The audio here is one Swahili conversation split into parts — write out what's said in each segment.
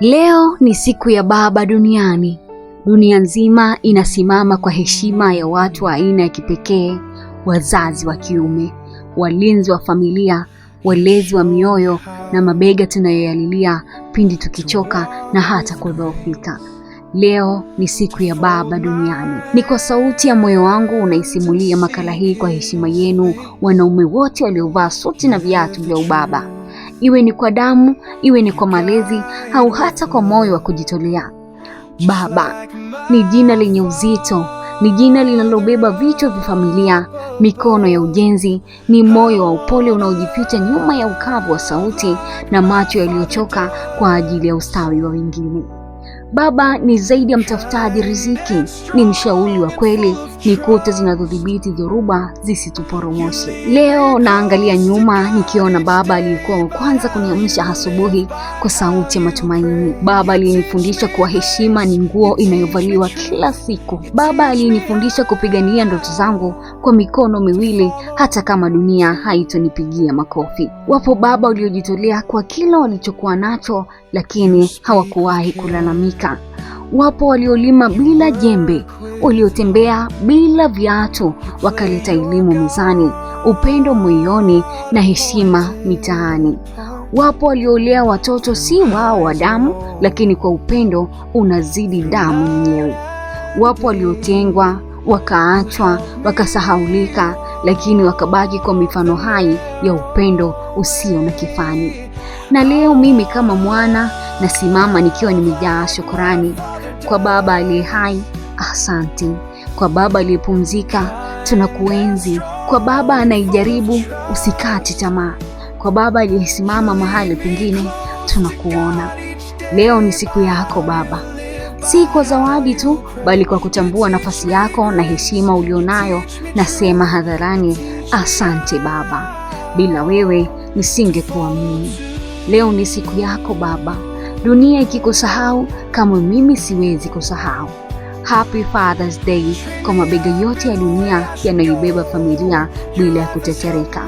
Leo ni siku ya baba duniani. Dunia nzima inasimama kwa heshima ya watu wa aina ya kipekee, wazazi wa kiume, walinzi wa familia, walezi wa mioyo na mabega tunayoyalilia pindi tukichoka na hata kudhoofika. Leo ni siku ya baba duniani. Ni kwa sauti ya moyo wangu unaisimulia makala hii kwa heshima yenu, wanaume wote waliovaa suti na viatu vya ubaba iwe ni kwa damu, iwe ni kwa malezi au hata kwa moyo wa kujitolea. Baba ni jina lenye uzito, ni jina linalobeba vichwa vya familia, mikono ya ujenzi, ni moyo wa upole unaojificha nyuma ya ukavu wa sauti na macho yaliyochoka kwa ajili ya ustawi wa wengine. Baba ni zaidi ya mtafutaji riziki, ni mshauri wa kweli ni kuta zinazodhibiti dhoruba zisituporomoshe. Leo naangalia nyuma nikiona baba aliyekuwa wa kwanza kuniamsha asubuhi kwa sauti ya matumaini. Baba aliyenifundisha kuwa heshima ni nguo inayovaliwa kila siku. Baba aliyenifundisha kupigania ndoto zangu kwa mikono miwili, hata kama dunia haitonipigia makofi. Wapo baba waliojitolea kwa kila walichokuwa nacho, lakini hawakuwahi kulalamika wapo waliolima bila jembe, waliotembea bila viatu, wakaleta elimu mezani, upendo moyoni na heshima mitaani. Wapo waliolea watoto si wao wa damu, lakini kwa upendo unazidi damu mwenyewe. Wapo waliotengwa wakaachwa, wakasahaulika, lakini wakabaki kwa mifano hai ya upendo usio na kifani. Na leo mimi kama mwana nasimama nikiwa nimejaa shukurani kwa Baba aliye hai, asante. Kwa Baba aliyepumzika, tunakuenzi. Kwa Baba anaijaribu, usikate tamaa. Kwa Baba aliyesimama mahali pengine, tunakuona. Leo ni siku yako Baba, si kwa zawadi tu, bali kwa kutambua nafasi yako na heshima ulionayo. Nasema hadharani, asante Baba, bila wewe nisingekuwa mimi. Leo ni siku yako Baba, Dunia ikikusahau kama mimi siwezi kusahau. Happy Father's Day kwa mabega yote ya dunia yanayobeba familia bila ya kutetereka.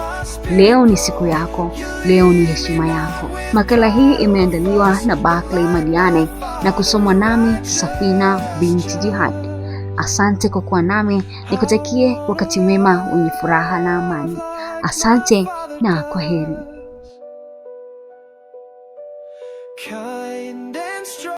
Leo ni siku yako, leo ni heshima yako. Makala hii imeandaliwa na Barclay Madiane na kusomwa nami Safina binti Jihad. Asante kwa kuwa nami, nikutakie wakati mwema wenye furaha na amani. Asante na kwa heri.